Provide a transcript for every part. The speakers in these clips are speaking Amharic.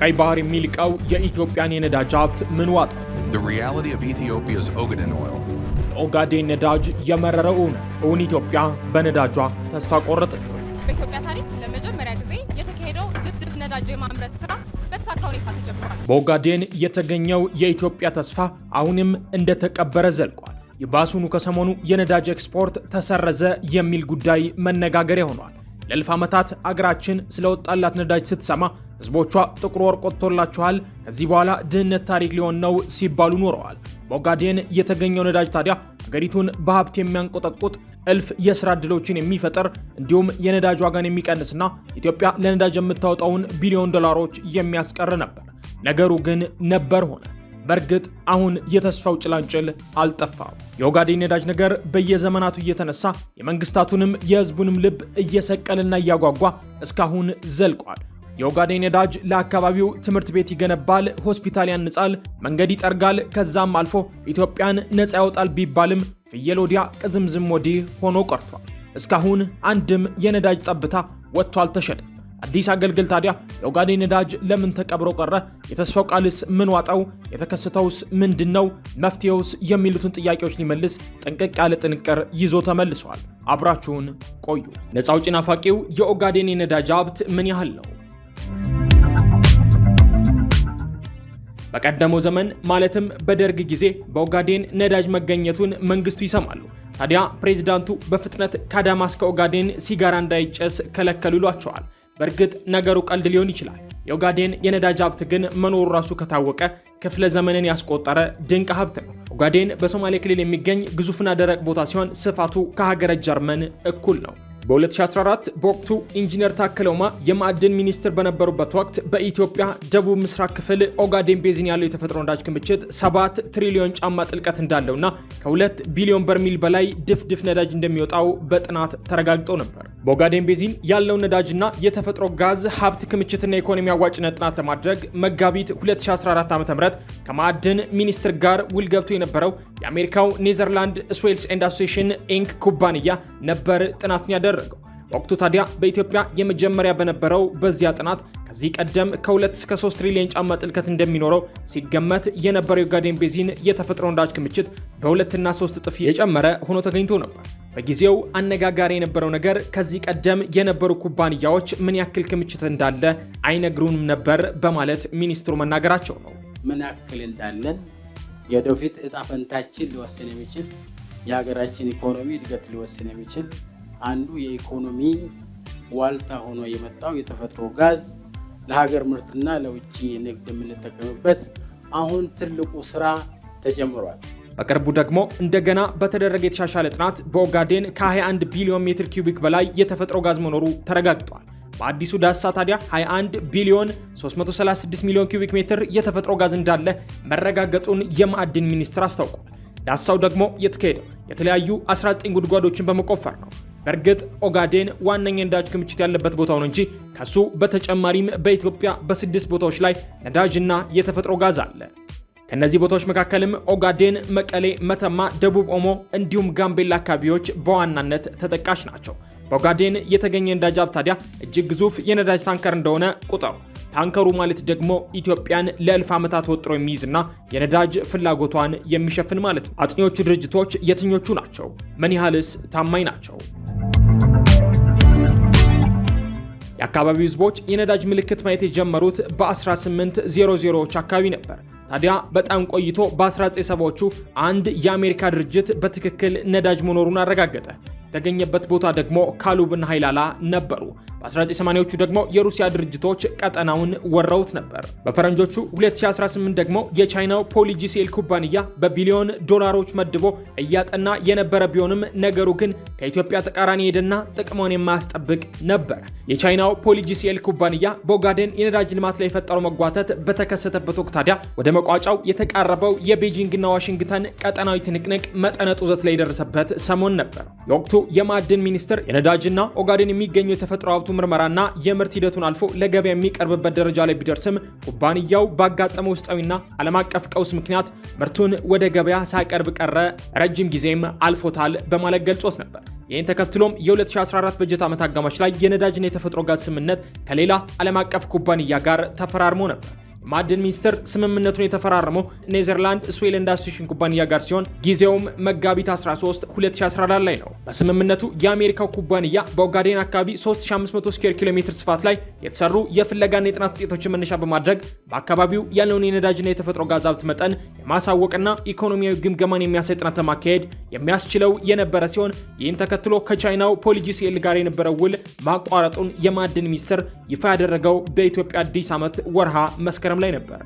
ቀይ ባህር የሚልቀው የኢትዮጵያን የነዳጅ ሀብት ምን ዋጣ? ኦጋዴን ነዳጅ የመረረው እውነት እውን ኢትዮጵያ በነዳጇ ተስፋ ቆረጠች። በኢትዮጵያ ታሪክ ለመጀመሪያ ጊዜ የተካሄደው ድፍድፍ ነዳጅ የማምረት ስራ በተሳካ ሁኔታ ተጀምሯል። በኦጋዴን የተገኘው የኢትዮጵያ ተስፋ አሁንም እንደተቀበረ ዘልቋል። የባሱኑ ከሰሞኑ የነዳጅ ኤክስፖርት ተሰረዘ የሚል ጉዳይ መነጋገሪያ ሆኗል። ለእልፍ ዓመታት አገራችን ስለወጣላት ነዳጅ ስትሰማ ህዝቦቿ ጥቁር ወርቅ ወጥቶላችኋል፣ ከዚህ በኋላ ድህነት ታሪክ ሊሆን ነው ሲባሉ ኖረዋል። በኦጋዴን የተገኘው ነዳጅ ታዲያ አገሪቱን በሀብት የሚያንቆጠቁጥ እልፍ የስራ ዕድሎችን የሚፈጥር እንዲሁም የነዳጅ ዋጋን የሚቀንስና ኢትዮጵያ ለነዳጅ የምታወጣውን ቢሊዮን ዶላሮች የሚያስቀር ነበር። ነገሩ ግን ነበር ሆነ። በእርግጥ አሁን የተስፋው ጭላንጭል አልጠፋም። የኦጋዴን ነዳጅ ነገር በየዘመናቱ እየተነሳ የመንግስታቱንም የህዝቡንም ልብ እየሰቀልና እያጓጓ እስካሁን ዘልቋል። የኦጋዴን ነዳጅ ለአካባቢው ትምህርት ቤት ይገነባል፣ ሆስፒታል ያንጻል፣ መንገድ ይጠርጋል፣ ከዛም አልፎ ኢትዮጵያን ነፃ ያወጣል ቢባልም ፍየል ወዲያ ቅዝምዝም ወዲህ ሆኖ ቀርቷል። እስካሁን አንድም የነዳጅ ጠብታ ወጥቶ አልተሸጠም። አዲስ አገልግል ታዲያ የኦጋዴን ነዳጅ ለምን ተቀብሮ ቀረ? የተስፋው ቃልስ ምን ዋጠው? የተከሰተውስ ምንድን ነው? መፍትሄውስ? የሚሉትን ጥያቄዎች ሊመልስ ጥንቅቅ ያለ ጥንቅር ይዞ ተመልሷል። አብራችሁን ቆዩ። ነፃ አውጪ ናፋቂው የኦጋዴን የነዳጅ ሀብት ምን ያህል ነው? በቀደመው ዘመን ማለትም በደርግ ጊዜ በኦጋዴን ነዳጅ መገኘቱን መንግስቱ ይሰማሉ። ታዲያ ፕሬዚዳንቱ በፍጥነት ከአዳማ እስከ ኦጋዴን ሲጋራ እንዳይጨስ ከለከሉ ይሏቸዋል። በእርግጥ ነገሩ ቀልድ ሊሆን ይችላል። የኦጋዴን የነዳጅ ሀብት ግን መኖሩ ራሱ ከታወቀ ክፍለ ዘመንን ያስቆጠረ ድንቅ ሀብት ነው። ኦጋዴን በሶማሌ ክልል የሚገኝ ግዙፍና ደረቅ ቦታ ሲሆን ስፋቱ ከሀገረ ጀርመን እኩል ነው። በ2014 በወቅቱ ኢንጂነር ታከለ ኡማ የማዕድን ሚኒስትር በነበሩበት ወቅት በኢትዮጵያ ደቡብ ምስራቅ ክፍል ኦጋዴን ቤዚን ያለው የተፈጥሮ ነዳጅ ክምችት 7 ትሪሊዮን ጫማ ጥልቀት እንዳለውና ከ2 ቢሊዮን በርሚል በላይ ድፍድፍ ነዳጅ እንደሚወጣው በጥናት ተረጋግጦ ነበር። በኦጋዴን ቤዚን ያለውን ነዳጅና የተፈጥሮ ጋዝ ሀብት ክምችትና የኢኮኖሚ አዋጭነት ጥናት ለማድረግ መጋቢት 2014 ዓ ም ከማዕድን ሚኒስትር ጋር ውል ገብቶ የነበረው የአሜሪካው ኔዘርላንድ ስዌልስ ኤንድ አሶሴሽን ኢንክ ኩባንያ ነበር ጥናቱን ያደረ ያደረገው። ወቅቱ ታዲያ በኢትዮጵያ የመጀመሪያ በነበረው በዚያ ጥናት ከዚህ ቀደም ከ2 እስከ 3 ትሪሊዮን ጫማ ጥልቀት እንደሚኖረው ሲገመት የነበረው የኦጋዴን ቤዚን የተፈጥሮ ነዳጅ ክምችት በሁለትና ሶስት እጥፍ የጨመረ ሆኖ ተገኝቶ ነበር። በጊዜው አነጋጋሪ የነበረው ነገር ከዚህ ቀደም የነበሩ ኩባንያዎች ምን ያክል ክምችት እንዳለ አይነግሩንም ነበር በማለት ሚኒስትሩ መናገራቸው ነው። ምን ያክል እንዳለን የወደፊት እጣፈንታችን ሊወስን የሚችል የሀገራችን ኢኮኖሚ እድገት ሊወስን የሚችል አንዱ የኢኮኖሚ ዋልታ ሆኖ የመጣው የተፈጥሮ ጋዝ ለሀገር ምርትና ለውጭ ንግድ የምንጠቀምበት አሁን ትልቁ ስራ ተጀምሯል። በቅርቡ ደግሞ እንደገና በተደረገ የተሻሻለ ጥናት በኦጋዴን ከ21 ቢሊዮን ሜትር ኪዩቢክ በላይ የተፈጥሮ ጋዝ መኖሩ ተረጋግጧል። በአዲሱ ዳሳ ታዲያ 21 ቢሊዮን 336 ሚሊዮን ኪዩቢክ ሜትር የተፈጥሮ ጋዝ እንዳለ መረጋገጡን የማዕድን ሚኒስቴር አስታውቋል። ዳሳው ደግሞ የተካሄደው የተለያዩ 19 ጉድጓዶችን በመቆፈር ነው። በእርግጥ ኦጋዴን ዋነኛ የነዳጅ ክምችት ያለበት ቦታ ነው እንጂ ከሱ በተጨማሪም በኢትዮጵያ በስድስት ቦታዎች ላይ ነዳጅና የተፈጥሮ ጋዝ አለ። ከእነዚህ ቦታዎች መካከልም ኦጋዴን፣ መቀሌ፣ መተማ፣ ደቡብ ኦሞ እንዲሁም ጋምቤላ አካባቢዎች በዋናነት ተጠቃሽ ናቸው። በኦጋዴን የተገኘ ነዳጅ ሀብት ታዲያ እጅግ ግዙፍ የነዳጅ ታንከር እንደሆነ ቁጠሩ። ታንከሩ ማለት ደግሞ ኢትዮጵያን ለእልፍ ዓመታት ወጥሮ የሚይዝና የነዳጅ ፍላጎቷን የሚሸፍን ማለት ነው። አጥኚዎቹ ድርጅቶች የትኞቹ ናቸው? ምን ያህልስ ታማኝ ናቸው? የአካባቢው ህዝቦች የነዳጅ ምልክት ማየት የጀመሩት በ1800ዎች አካባቢ ነበር። ታዲያ በጣም ቆይቶ በ1970ዎቹ አንድ የአሜሪካ ድርጅት በትክክል ነዳጅ መኖሩን አረጋገጠ። የተገኘበት ቦታ ደግሞ ካሉብን ሃይላላ ነበሩ። በ1980ዎቹ ደግሞ የሩሲያ ድርጅቶች ቀጠናውን ወረውት ነበር። በፈረንጆቹ 2018 ደግሞ የቻይናው ፖሊጂሴል ኩባንያ በቢሊዮን ዶላሮች መድቦ እያጠና የነበረ ቢሆንም ነገሩ ግን ከኢትዮጵያ ተቃራኒ ሄደና ጥቅሟን የማያስጠብቅ ነበር። የቻይናው ፖሊጂሴል ኩባንያ በኦጋዴን የነዳጅ ልማት ላይ የፈጠረው መጓተት በተከሰተበት ወቅት ታዲያ ወደ መቋጫው የተቃረበው የቤጂንግና ዋሽንግተን ቀጠናዊ ትንቅንቅ መጠነ ጡዘት ላይ የደረሰበት ሰሞን ነበር። የወቅቱ የማዕድን ሚኒስቴር የነዳጅና ኦጋዴን የሚገኘው የተፈጥሮ ሀብቱ ምርመራና የምርት ሂደቱን አልፎ ለገበያ የሚቀርብበት ደረጃ ላይ ቢደርስም ኩባንያው ባጋጠመው ውስጣዊና ዓለም አቀፍ ቀውስ ምክንያት ምርቱን ወደ ገበያ ሳይቀርብ ቀረ፣ ረጅም ጊዜም አልፎታል በማለት ገልጾት ነበር። ይህን ተከትሎም የ2014 በጀት ዓመት አጋማሽ ላይ የነዳጅና የተፈጥሮ ጋዝ ስምምነት ከሌላ ዓለም አቀፍ ኩባንያ ጋር ተፈራርሞ ነበር። የማዕድን ሚኒስቴር ስምምነቱን የተፈራረመው ኔዘርላንድ ስዌል ኢንዳስትሪሽን ኩባንያ ጋር ሲሆን ጊዜውም መጋቢት 13 2014 ላይ ነው። በስምምነቱ የአሜሪካው ኩባንያ በኦጋዴን አካባቢ 3500 ስኩዌር ኪሎ ሜትር ስፋት ላይ የተሰሩ የፍለጋና የጥናት ውጤቶችን መነሻ በማድረግ በአካባቢው ያለውን የነዳጅና የተፈጥሮ ጋዝ ሀብት መጠን የማሳወቅና ኢኮኖሚያዊ ግምገማን የሚያሳይ ጥናት ለማካሄድ የሚያስችለው የነበረ ሲሆን ይህን ተከትሎ ከቻይናው ፖሊጂሲኤል ጋር የነበረው ውል ማቋረጡን የማዕድን ሚኒስቴር ይፋ ያደረገው በኢትዮጵያ አዲስ ዓመት ወርሃ መስከረም ፕሮግራም ላይ ነበር።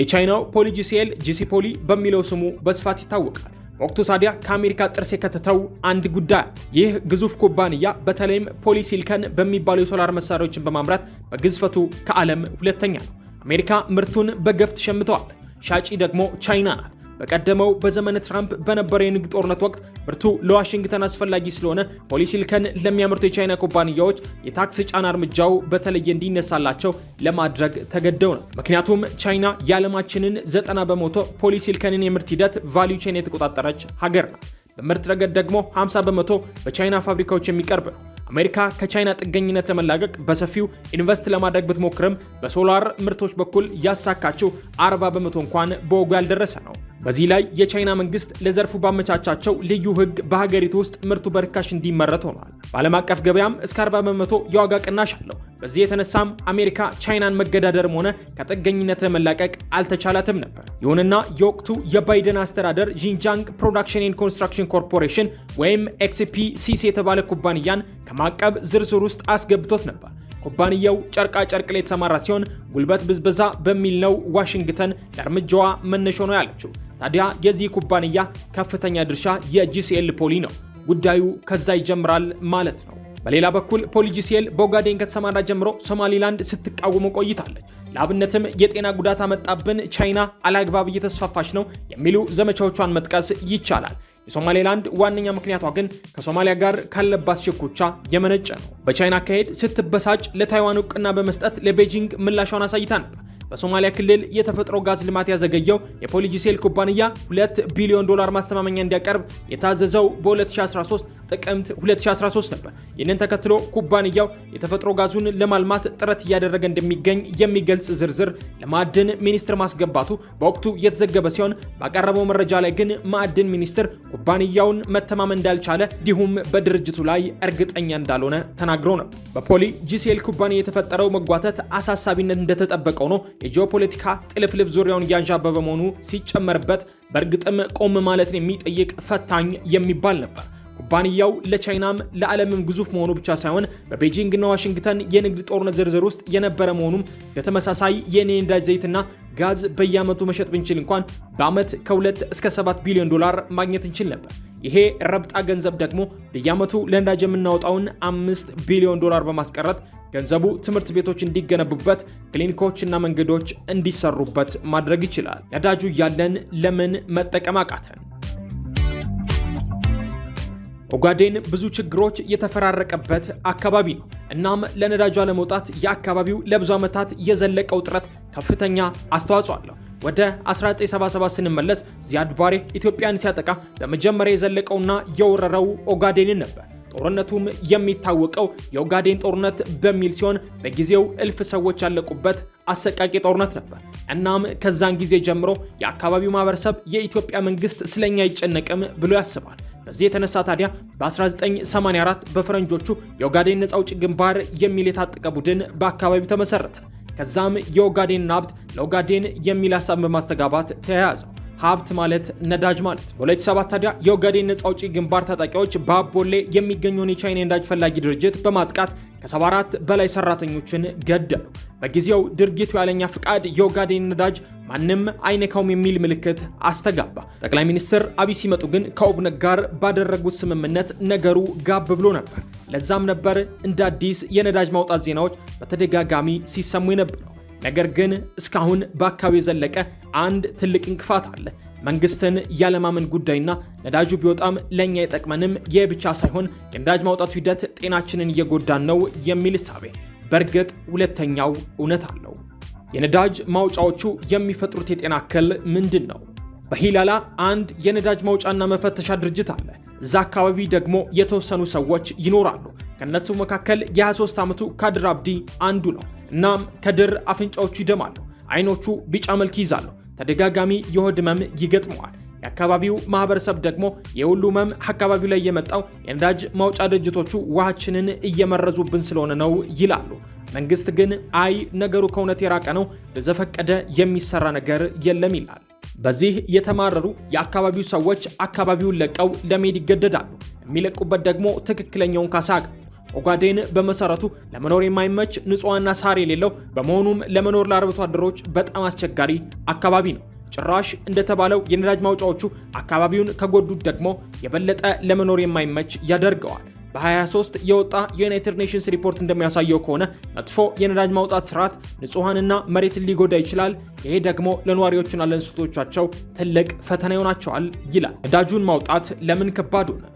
የቻይናው ፖሊ ጂሲኤል ጂሲ ፖሊ በሚለው ስሙ በስፋት ይታወቃል። ወቅቱ ታዲያ ከአሜሪካ ጥርስ የከተተው አንድ ጉዳይ ይህ ግዙፍ ኩባንያ በተለይም ፖሊ ሲልከን በሚባሉ የሶላር መሳሪያዎችን በማምረት በግዝፈቱ ከዓለም ሁለተኛ ነው። አሜሪካ ምርቱን በገፍት ሸምተዋል። ሻጪ ደግሞ ቻይና ናት። በቀደመው በዘመነ ትራምፕ በነበረ የንግድ ጦርነት ወቅት ምርቱ ለዋሽንግተን አስፈላጊ ስለሆነ ፖሊሲልከን ልከን ለሚያመርቱ የቻይና ኩባንያዎች የታክስ ጫና እርምጃው በተለየ እንዲነሳላቸው ለማድረግ ተገደው ነው። ምክንያቱም ቻይና የዓለማችንን ዘጠና በመቶ ፖሊሲልከንን ልከንን የምርት ሂደት ቫሊዩ ቼን የተቆጣጠረች ሀገር ናት። በምርት ረገድ ደግሞ 50 በመቶ በቻይና ፋብሪካዎች የሚቀርብ ነው። አሜሪካ ከቻይና ጥገኝነት ለመላቀቅ በሰፊው ኢንቨስት ለማድረግ ብትሞክርም በሶላር ምርቶች በኩል ያሳካችው 40 በመቶ እንኳን በወጉ ያልደረሰ ነው። በዚህ ላይ የቻይና መንግስት ለዘርፉ ባመቻቻቸው ልዩ ህግ በሀገሪቱ ውስጥ ምርቱ በርካሽ እንዲመረት ሆኗል። በዓለም አቀፍ ገበያም እስከ 40 በመቶ የዋጋ ቅናሽ አለው። በዚህ የተነሳም አሜሪካ ቻይናን መገዳደርም ሆነ ከጥገኝነት ለመላቀቅ አልተቻላትም ነበር። ይሁንና የወቅቱ የባይደን አስተዳደር ዢንጃንግ ፕሮዳክሽን ኤንድ ኮንስትራክሽን ኮርፖሬሽን ወይም ኤክስፒሲሲ የተባለ ኩባንያን ከማቀብ ዝርዝር ውስጥ አስገብቶት ነበር። ኩባንያው ጨርቃ ጨርቅ ላይ የተሰማራ ሲሆን ጉልበት ብዝበዛ በሚል ነው ዋሽንግተን ለእርምጃዋ መነሾ ነው ያለችው። ታዲያ የዚህ ኩባንያ ከፍተኛ ድርሻ የጂሲኤል ፖሊ ነው። ጉዳዩ ከዛ ይጀምራል ማለት ነው። በሌላ በኩል ፖሊ ጂሲኤል በኦጋዴን ከተሰማራ ጀምሮ ሶማሊላንድ ስትቃወሙ ቆይታለች። ለአብነትም የጤና ጉዳት አመጣብን፣ ቻይና አላግባብ እየተስፋፋች ነው የሚሉ ዘመቻዎቿን መጥቀስ ይቻላል። የሶማሌላንድ ዋነኛ ምክንያቷ ግን ከሶማሊያ ጋር ካለባት ሽኩቻ የመነጨ ነው። በቻይና አካሄድ ስትበሳጭ ለታይዋን እውቅና በመስጠት ለቤጂንግ ምላሿን አሳይታ ነበር። በሶማሊያ ክልል የተፈጥሮ ጋዝ ልማት ያዘገየው የፖሊጂሴል ኩባንያ 2 ቢሊዮን ዶላር ማስተማመኛ እንዲያቀርብ የታዘዘው በ2013 ጥቅምት 2013 ነበር። ይህንን ተከትሎ ኩባንያው የተፈጥሮ ጋዙን ለማልማት ጥረት እያደረገ እንደሚገኝ የሚገልጽ ዝርዝር ለማዕድን ሚኒስቴር ማስገባቱ በወቅቱ የተዘገበ ሲሆን ባቀረበው መረጃ ላይ ግን ማዕድን ሚኒስቴር ኩባንያውን መተማመን እንዳልቻለ እንዲሁም በድርጅቱ ላይ እርግጠኛ እንዳልሆነ ተናግሮ ነው። በፖሊ ጂሲኤል ኩባንያ የተፈጠረው መጓተት አሳሳቢነት እንደተጠበቀው ነው የጂኦፖለቲካ ጥልፍልፍ ዙሪያውን እያንዣበበ መሆኑ ሲጨመርበት በእርግጥም ቆም ማለትን የሚጠይቅ ፈታኝ የሚባል ነበር። ኩባንያው ለቻይናም ለዓለምም ግዙፍ መሆኑ ብቻ ሳይሆን በቤጂንግና ዋሽንግተን የንግድ ጦርነት ዝርዝር ውስጥ የነበረ መሆኑም በተመሳሳይ የኔንዳጅ ዘይትና ጋዝ በየዓመቱ መሸጥ ብንችል እንኳን በዓመት ከ2 እስከ 7 ቢሊዮን ዶላር ማግኘት እንችል ነበር። ይሄ ረብጣ ገንዘብ ደግሞ በየዓመቱ ለነዳጅ የምናወጣውን 5 ቢሊዮን ዶላር በማስቀረት ገንዘቡ ትምህርት ቤቶች እንዲገነቡበት፣ ክሊኒኮችና መንገዶች እንዲሰሩበት ማድረግ ይችላል። ነዳጁ እያለን ለምን መጠቀም አቃተን? ኦጋዴን ብዙ ችግሮች የተፈራረቀበት አካባቢ ነው። እናም ለነዳጇ ለመውጣት የአካባቢው ለብዙ ዓመታት የዘለቀው ጥረት ከፍተኛ አስተዋጽኦ አለው። ወደ 1977 ስንመለስ ዚያድ ባሬ ኢትዮጵያን ሲያጠቃ በመጀመሪያ የዘለቀውና የወረረው ኦጋዴንን ነበር። ጦርነቱም የሚታወቀው የኦጋዴን ጦርነት በሚል ሲሆን በጊዜው እልፍ ሰዎች ያለቁበት አሰቃቂ ጦርነት ነበር። እናም ከዛን ጊዜ ጀምሮ የአካባቢው ማህበረሰብ የኢትዮጵያ መንግስት ስለኛ አይጨነቅም ብሎ ያስባል። በዚህ የተነሳ ታዲያ በ1984 በፈረንጆቹ የኦጋዴን ነፃ አውጪ ግንባር የሚል የታጠቀ ቡድን በአካባቢው ተመሰረተ። ከዛም የኦጋዴን ሀብት ለኦጋዴን የሚል ሀሳብ በማስተጋባት ተያያዘው። ሀብት ማለት ነዳጅ ማለት። በ2007 ታዲያ የኦጋዴን ነጻ አውጪ ግንባር ታጣቂዎች በአቦሌ የሚገኘውን የቻይና ነዳጅ ፈላጊ ድርጅት በማጥቃት ከ74 በላይ ሰራተኞችን ገደሉ። በጊዜው ድርጊቱ ያለኛ ፍቃድ የኦጋዴን ነዳጅ ማንም አይነካውም የሚል ምልክት አስተጋባ። ጠቅላይ ሚኒስትር አብይ ሲመጡ ግን ከኦብነግ ጋር ባደረጉት ስምምነት ነገሩ ጋብ ብሎ ነበር። ለዛም ነበር እንደ አዲስ የነዳጅ ማውጣት ዜናዎች በተደጋጋሚ ሲሰሙ የነበረው። ነገር ግን እስካሁን በአካባቢው የዘለቀ አንድ ትልቅ እንቅፋት አለ። መንግስትን ያለማመን ጉዳይና ነዳጁ ቢወጣም ለእኛ የጠቅመንም የብቻ ሳይሆን የነዳጅ ማውጣቱ ሂደት ጤናችንን እየጎዳን ነው የሚል እሳቤ። በእርግጥ ሁለተኛው እውነት አለው። የነዳጅ ማውጫዎቹ የሚፈጥሩት የጤና እክል ምንድን ነው? በሂላላ አንድ የነዳጅ ማውጫና መፈተሻ ድርጅት አለ። እዛ አካባቢ ደግሞ የተወሰኑ ሰዎች ይኖራሉ። ከእነሱ መካከል የ23 ዓመቱ ካድር አብዲ አንዱ ነው። እናም ከድር አፍንጫዎቹ ይደማሉ፣ አይኖቹ ቢጫ መልክ ይዛሉ፣ ተደጋጋሚ የሆድ ህመም ይገጥመዋል። የአካባቢው ማህበረሰብ ደግሞ የሁሉ ህመም አካባቢው ላይ የመጣው የነዳጅ ማውጫ ድርጅቶቹ ውሃችንን እየመረዙብን ስለሆነ ነው ይላሉ። መንግስት ግን አይ ነገሩ ከእውነት የራቀ ነው፣ በዘፈቀደ የሚሰራ ነገር የለም ይላል። በዚህ የተማረሩ የአካባቢው ሰዎች አካባቢውን ለቀው ለመሄድ ይገደዳሉ። የሚለቁበት ደግሞ ትክክለኛውን ካሳ ኦጋዴን በመሰረቱ ለመኖር የማይመች ንጹሕና ሳር የሌለው በመሆኑም ለመኖር ለአርብቶ አደሮች በጣም አስቸጋሪ አካባቢ ነው። ጭራሽ እንደተባለው የነዳጅ ማውጫዎቹ አካባቢውን ከጎዱት ደግሞ የበለጠ ለመኖር የማይመች ያደርገዋል። በ23 የወጣ የዩናይትድ ኔሽንስ ሪፖርት እንደሚያሳየው ከሆነ መጥፎ የነዳጅ ማውጣት ስርዓት ንጹሐንና መሬትን ሊጎዳ ይችላል። ይሄ ደግሞ ለነዋሪዎችና ለእንስቶቻቸው ትልቅ ፈተና ይሆናቸዋል ይላል። ነዳጁን ማውጣት ለምን ከባድ ሆነ?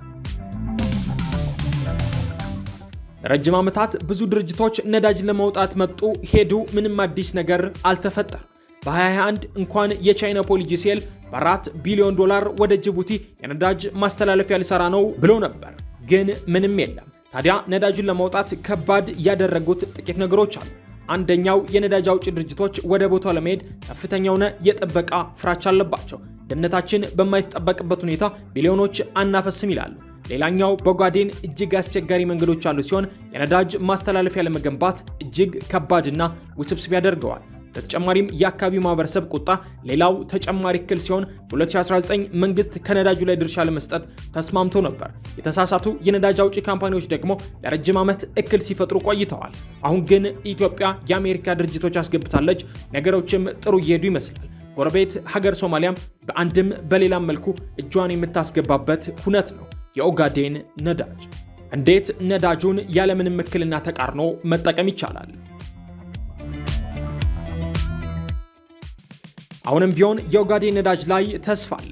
ረጅም ዓመታት ብዙ ድርጅቶች ነዳጅ ለመውጣት መጡ፣ ሄዱ፣ ምንም አዲስ ነገር አልተፈጠረም። በ2021 እንኳን የቻይና ፖሊጂ ሴል በአራት ቢሊዮን ዶላር ወደ ጅቡቲ የነዳጅ ማስተላለፊያ ሊሰራ ነው ብሎ ነበር፣ ግን ምንም የለም። ታዲያ ነዳጁን ለማውጣት ከባድ ያደረጉት ጥቂት ነገሮች አሉ። አንደኛው የነዳጅ አውጭ ድርጅቶች ወደ ቦታው ለመሄድ ከፍተኛ የሆነ የጥበቃ ፍራቻ አለባቸው። ደህንነታችን በማይጠበቅበት ሁኔታ ቢሊዮኖች አናፈስም ይላሉ። ሌላኛው በጓዴን እጅግ አስቸጋሪ መንገዶች ያሉ ሲሆን የነዳጅ ማስተላለፊያ ለመገንባት እጅግ ከባድና ውስብስብ ያደርገዋል። በተጨማሪም የአካባቢው ማህበረሰብ ቁጣ ሌላው ተጨማሪ እክል ሲሆን በ2019 መንግስት ከነዳጁ ላይ ድርሻ ለመስጠት ተስማምቶ ነበር። የተሳሳቱ የነዳጅ አውጪ ካምፓኒዎች ደግሞ ለረጅም ዓመት እክል ሲፈጥሩ ቆይተዋል። አሁን ግን ኢትዮጵያ የአሜሪካ ድርጅቶች አስገብታለች። ነገሮችም ጥሩ እየሄዱ ይመስላል። ጎረቤት ሀገር ሶማሊያም በአንድም በሌላም መልኩ እጇን የምታስገባበት ሁነት ነው። የኦጋዴን ነዳጅ እንዴት ነዳጁን ያለምንም እክልና ተቃርኖ መጠቀም ይቻላል? አሁንም ቢሆን የኦጋዴን ነዳጅ ላይ ተስፋ አለ።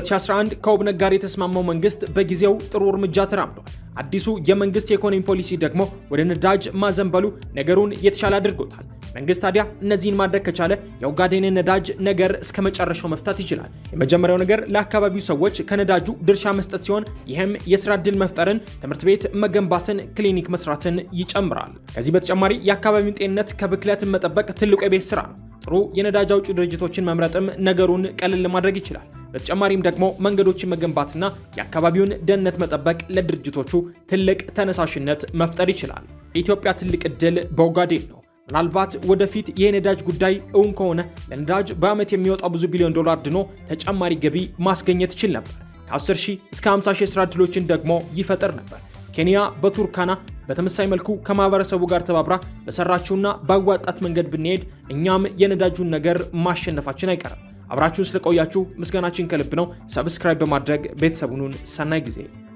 2011 ከውብ ጋር የተስማማው መንግስት በጊዜው ጥሩ እርምጃ ተራምዷል። አዲሱ የመንግስት የኢኮኖሚ ፖሊሲ ደግሞ ወደ ነዳጅ ማዘንበሉ ነገሩን የተሻለ አድርጎታል። መንግስት ታዲያ እነዚህን ማድረግ ከቻለ የኦጋዴንን ነዳጅ ነገር እስከ መጨረሻው መፍታት ይችላል። የመጀመሪያው ነገር ለአካባቢው ሰዎች ከነዳጁ ድርሻ መስጠት ሲሆን ይህም የስራ ዕድል መፍጠርን፣ ትምህርት ቤት መገንባትን፣ ክሊኒክ መስራትን ይጨምራል። ከዚህ በተጨማሪ የአካባቢውን ጤንነት ከብክለትን መጠበቅ ትልቁ የቤት ስራ ነው። ጥሩ የነዳጅ አውጪ ድርጅቶችን መምረጥም ነገሩን ቀለል ማድረግ ይችላል። በተጨማሪም ደግሞ መንገዶችን መገንባትና የአካባቢውን ደህንነት መጠበቅ ለድርጅቶቹ ትልቅ ተነሳሽነት መፍጠር ይችላል። የኢትዮጵያ ትልቅ ዕድል በኦጋዴን ነው። ምናልባት ወደፊት የነዳጅ ጉዳይ እውን ከሆነ ለነዳጅ በዓመት የሚወጣው ብዙ ቢሊዮን ዶላር ድኖ ተጨማሪ ገቢ ማስገኘት ይችል ነበር። ከ10 ሺህ እስከ 50 ሺህ የስራ ዕድሎችን ደግሞ ይፈጥር ነበር። ኬንያ በቱርካና በተመሳይ መልኩ ከማህበረሰቡ ጋር ተባብራ በሰራችውና ባዋጣት መንገድ ብንሄድ እኛም የነዳጁን ነገር ማሸነፋችን አይቀርም። አብራችሁ ስለቆያችሁ ምስጋናችን ከልብ ነው። ሰብስክራይብ በማድረግ ቤተሰቡኑን ሰናይ ጊዜ